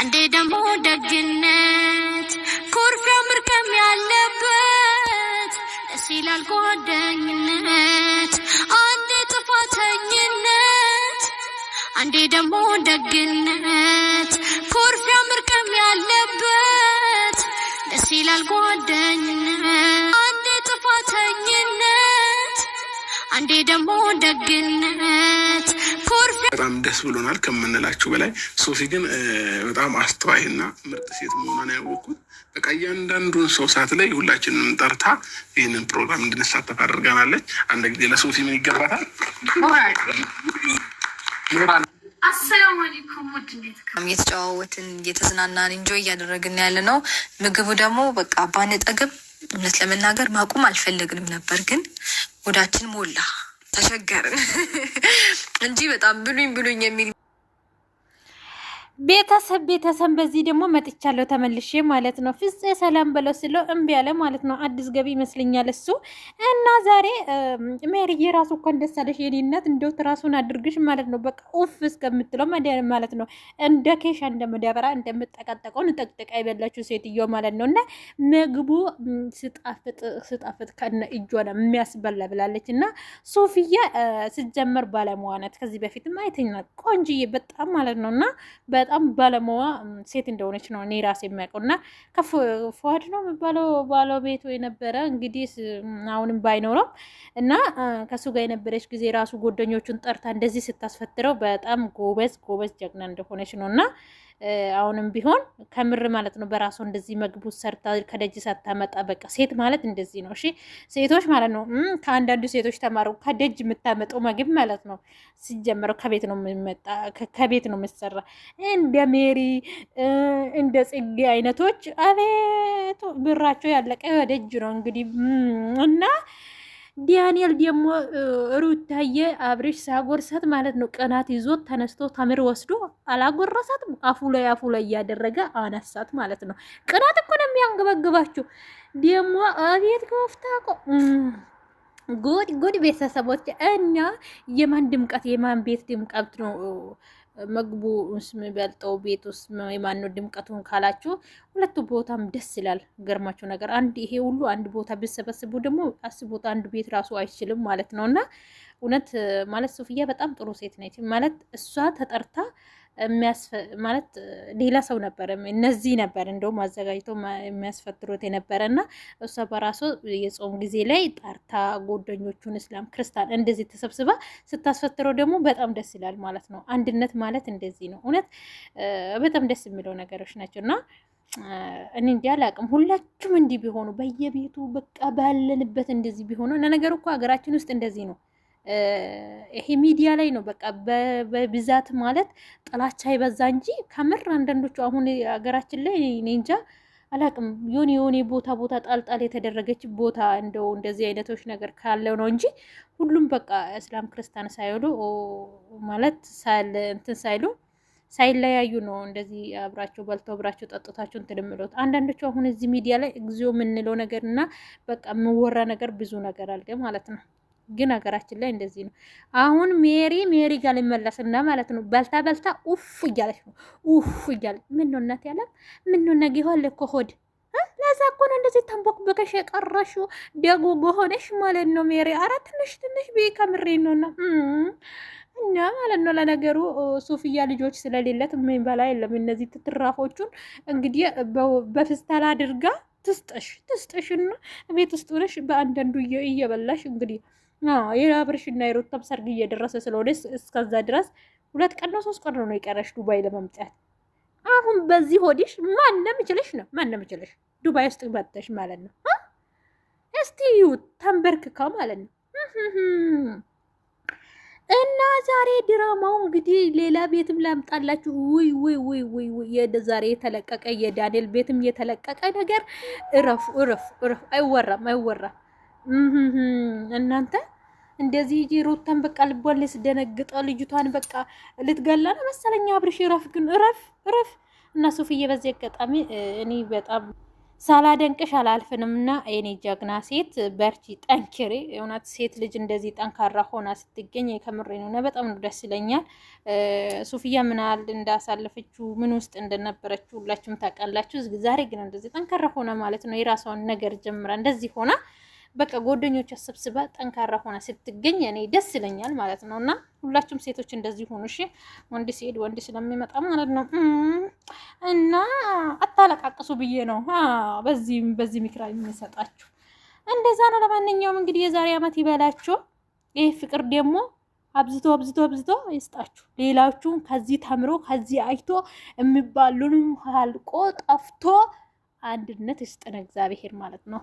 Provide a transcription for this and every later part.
አንዴ ደግሞ ደግነት ኮርፊያ ምርከም ያለበት ደስ ይላል ጓደኝነት። አንዴ ጥፋተኝነት አንዴ ደግሞ ደግነት ኮርፊያ ምርከም ያለበት ደስ ይላል ጓደኝነት። አንዴ ጥፋተኝነት አንዴ ደግሞ ደግነት በጣም ደስ ብሎናል ከምንላችሁ በላይ ሶፊ ግን በጣም አስተዋይና ምርጥ ሴት መሆኗን ያወቅኩት በቃ እያንዳንዱን ሰው ሰዓት ላይ ሁላችንም ጠርታ ይህንን ፕሮግራም እንድንሳተፍ አድርገናለች። አንድ ጊዜ ለሶፊ ምን ይገባታል? አሰላሙ አለይኩም ውድ እየተዝናናን እንጆ እያደረግን ያለ ነው። ምግቡ ደግሞ በቃ ባንጠግብ እውነት ለመናገር ማቆም አልፈለግንም ነበር፣ ግን ወዳችን ሞላ። ተሸገርን እንጂ በጣም ብሉኝ ብሉኝ የሚል ቤተሰብ ቤተሰብ በዚህ ደግሞ መጥቻለሁ ተመልሼ ማለት ነው። ፍጽ ሰላም በለው ስለው እምቢ ያለ ማለት ነው። አዲስ ገቢ ይመስለኛል እሱ እና ዛሬ ሜሪዬ ራሱ እንኳን ደስ አለሽ የኔነት እንደው ራሱን አድርግሽ ማለት ነው። በቃ ኡፍ እስከምትለው ማለት ነው። እንደ ኬሻ እንደ መዳበራ እንደምጠቀጠቀው ንጠቅጥቃ የበላችሁ ሴትዮ ማለት ነው። እና ምግቡ ስጣፍጥ ስጣፍጥ ከነ እጇን የሚያስበላ ብላለች። እና ሶፊያ ስጀመር ባለመዋነት ከዚህ በፊትም አይተኛል። ቆንጅዬ በጣም ማለት ነው እና በጣም ባለሙያ ሴት እንደሆነች ነው እኔ ራሴ የሚያውቀው እና ከፍዋድ ነው የሚባለው ባለቤቱ የነበረ እንግዲህ አሁንም ባይኖረው እና ከሱ ጋር የነበረች ጊዜ ራሱ ጎደኞቹን ጠርታ እንደዚህ ስታስፈትረው በጣም ጎበዝ ጎበዝ ጀግና እንደሆነች ነው እና አሁንም ቢሆን ከምር ማለት ነው በራሱ እንደዚህ መግቡ ሰርታ ከደጅ ሳታመጣ በቃ ሴት ማለት እንደዚህ ነው። እሺ ሴቶች ማለት ነው ከአንዳንዱ ሴቶች ተማሩ። ከደጅ የምታመጠው መግብ ማለት ነው ሲጀመረው ከቤት ነው የሚመጣ ከቤት ነው የምትሰራ። እንደ ሜሪ እንደ ጽጌ አይነቶች አቤቱ ብራቸው ያለቀ ደጅ ነው እንግዲህ እና ዳንኤል ደግሞ ሩታዬ አብሬሽ ሳጎርሳት ማለት ነው ቅናት ይዞት ተነስቶ ተምር ወስዶ አላጎረሳትም። አፉ ላይ አፉ ላይ እያደረገ አነሳት ማለት ነው። ቅናት እኮ ነው የሚያንገበግባችሁ ደግሞ አቤት ገፍታ እኮ ጉድ ጉድ ቤተሰቦች እና የማን ድምቀት የማን ቤት ድምቀት ነው ምግቡ የሚበልጠው ቤት ውስጥ የማነው ድምቀቱን ካላችሁ ሁለቱ ቦታም ደስ ይላል። ገርማቸው ነገር አንድ ይሄ ሁሉ አንድ ቦታ ቢሰበስቡ ደግሞ አስቦት አንድ ቤት ራሱ አይችልም ማለት ነው። እና እውነት ማለት ሱፍያ በጣም ጥሩ ሴት ነች ማለት እሷ ተጠርታ ማለት ሌላ ሰው ነበር፣ እነዚህ ነበር እንደውም አዘጋጅቶ የሚያስፈትሩት የነበረ እና እሷ በራሷ የጾም ጊዜ ላይ ጠርታ ጎደኞቹን እስላም ክርስቲያን እንደዚህ ተሰብስባ ስታስፈትረው ደግሞ በጣም ደስ ይላል ማለት ነው። አንድነት ማለት እንደዚህ ነው። እውነት በጣም ደስ የሚለው ነገሮች ናቸው እና እኔ እንዲህ አላቅም። ሁላችሁም እንዲህ ቢሆኑ በየቤቱ በቃ ባለንበት እንደዚህ ቢሆኑ እና እኮ ሀገራችን ውስጥ እንደዚህ ነው። ይሄ ሚዲያ ላይ ነው በቃ በብዛት ማለት ጥላቻ ይበዛ እንጂ ከምር አንዳንዶቹ አሁን ሀገራችን ላይ እኔ እንጃ አላቅም የሆነ የሆነ ቦታ ቦታ ጣልጣል የተደረገች ቦታ እንደው እንደዚህ አይነቶች ነገር ካለው ነው እንጂ ሁሉም በቃ እስላም ክርስቲያን ሳይሉ ማለት እንትን ሳይሉ ሳይለያዩ ነው እንደዚህ አብራቸው በልቶ አብራቸው ጠጥታቸው እንትን የምሎት። አንዳንዶቹ አሁን እዚህ ሚዲያ ላይ እግዚኦ የምንለው ነገር እና በቃ የምወራ ነገር ብዙ ነገር አለ ማለት ነው። ግን ሀገራችን ላይ እንደዚህ ነው። አሁን ሜሪ ሜሪ ጋር ልመለስና ማለት ነው በልታ በልታ ኡፍ እያለች ነው ኡፍ እያለች ምን ነው እናት ያለ ምን ነው ነገ ይሆን እኮ ሆድ ለዛ እኮ ነው እንደዚህ በከሽ የቀረሹ ደጉ ሆነሽ ማለት ነው ሜሪ። ኧረ ትንሽ ትንሽ ብዬ ከምሬ ነውና እኛ ማለት ነው ለነገሩ ሱፍያ ልጆች ስለሌለት ምን በላ የለም። እነዚህ ትትራፎቹን እንግዲህ በፍስተላ አድርጋ ትስጠሽ ትስጠሽና ቤት ውስጥ ሆነሽ በአንዳንዱ እየበላሽ እንግዲህ የአብርሽና የሩታም ሰርግ እየደረሰ ስለሆነ እስከዛ ድረስ ሁለት ቀን ነው ሶስት ቀን ነው የቀረሽ ዱባይ ለመምጣት። አሁን በዚህ ሆዲሽ ማንም ይችልሽ ነው ማንም ይችልሽ ዱባይ ውስጥ መጥተሽ ማለት ነው። እስቲ ተንበርክካ ማለት ነው። እና ዛሬ ድራማው እንግዲህ ሌላ ቤትም ላምጣላችሁ። ውይ ውይ ውይ ውይ ውይ ዛሬ የተለቀቀ የዳንኤል ቤትም የተለቀቀ ነገር እረፉ፣ እረፉ፣ እረፉ። አይወራም፣ አይወራም እናንተ እንደዚህ ሂጂ ሩታን በቃ ልቧን ልስደነግጠ ልጅቷን በቃ ልትገላ ነው መሰለኛ። አብርሽ እረፍ፣ ግን እረፍ እረፍ። እና ሶፍዬ በዚህ አጋጣሚ እኔ በጣም ሳላደንቅሽ አላልፍንም እና የኔ ጀግና ሴት በርቺ፣ ጠንክሬ እውነት ሴት ልጅ እንደዚህ ጠንካራ ሆና ስትገኝ ከምሬ ነው። በጣም ነው ደስ ይለኛል። ሱፍያ ምን ያህል እንዳሳለፈችው ምን ውስጥ እንደነበረችው ሁላችሁም ታውቃላችሁ። ዛሬ ግን እንደዚህ ጠንካራ ሆና ማለት ነው የራሷን ነገር ጀምራ እንደዚህ ሆና በቃ ጓደኞቿ ሰብስባ ጠንካራ ሆና ስትገኝ እኔ ደስ ይለኛል ማለት ነው። እና ሁላችሁም ሴቶች እንደዚህ ሆኑ። እሺ ወንድ ሲሄድ ወንድ ስለሚመጣ ማለት ነው። እና አታለቃቅሱ ብዬ ነው በዚህ በዚህ ምክር የሚሰጣችሁ እንደዛ ነው። ለማንኛውም እንግዲህ የዛሬ ዓመት ይበላችሁ። ይህ ፍቅር ደግሞ አብዝቶ አብዝቶ አብዝቶ ይስጣችሁ። ሌላችሁም ከዚህ ተምሮ ከዚህ አይቶ የሚባሉን አልቆ ጠፍቶ አንድነት ይስጥን እግዚአብሔር ማለት ነው።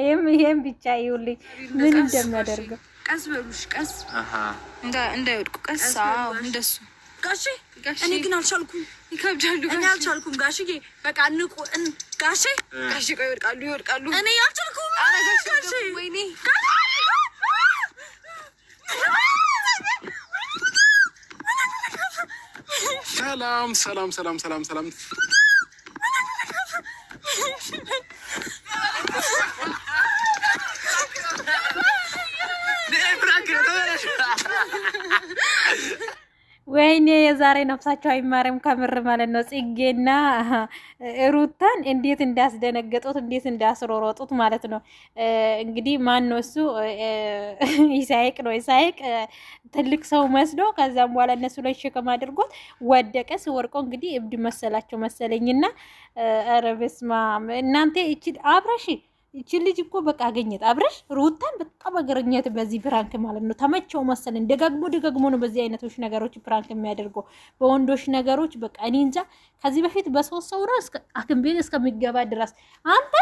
ይሄም ይሄም ብቻ ይውልኝ ምን እንደሚያደርገው ቀስ በሉሽ፣ ቀስ እንዳ እንዳይወድቁ ቀስ። አዎ እንደሱ ጋሽ፣ እኔ ግን አልቻልኩም፣ ይከብዳሉ። እኔ አልቻልኩም ጋሽ፣ በቃ ንቁ ጋሽ፣ ጋሽ፣ ቆይ ይወድቃሉ፣ ይወድቃሉ። እኔ አልቻልኩም ጋሽ፣ ወይኔ ሰላም፣ ሰላም፣ ሰላም፣ ሰላም፣ ሰላም ወይኔ የዛሬ ነፍሳቸው አይማርም ከምር ማለት ነው። ጽጌና ሩታን እንዴት እንዳስደነገጡት እንዴት እንዳስሮሮጡት ማለት ነው። እንግዲህ ማን ነው እሱ? ኢሳይቅ ነው። ኢሳይቅ ትልቅ ሰው መስሎ ከዛም በኋላ እነሱ ላይ ሸከም አድርጎት ወደቀ። ሲወርቆ እንግዲህ እብድ መሰላቸው መሰለኝና ኧረ በስመ አብ እናንተ ይቺ አብረሽ ይችን ልጅ እኮ በቃ አገኘት አብረሽ ሩታን በጣም አገኘት። በዚህ ፕራንክ ማለት ነው ተመቸው መሰለኝ። ደጋግሞ ደጋግሞ ነው በዚህ አይነቶች ነገሮች ፕራንክ የሚያደርገው በወንዶች ነገሮች። በቃ እኔ እንጃ ከዚህ በፊት በሶስት ሰው ነው ሐኪም ቤት እስከሚገባ ድረስ አንተ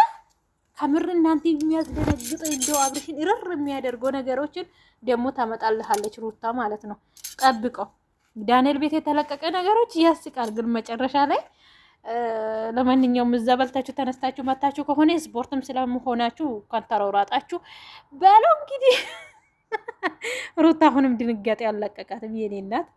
ከምር እናንተ የሚያስደነግጥ እንደው አብረሽን እርር የሚያደርገው ነገሮችን ደግሞ ታመጣልሃለች ሩታ ማለት ነው። ጠብቀው ዳንኤል ቤት የተለቀቀ ነገሮች ያስቃል፣ ግን መጨረሻ ላይ ለማንኛውም እዛ በልታችሁ ተነስታችሁ መታችሁ ከሆነ ስፖርትም ስለመሆናችሁ እንኳን ተሯሯጣችሁ በለው እንግዲህ ሩታ አሁንም ድንጋጤ አልለቀቃትም የኔ እናት።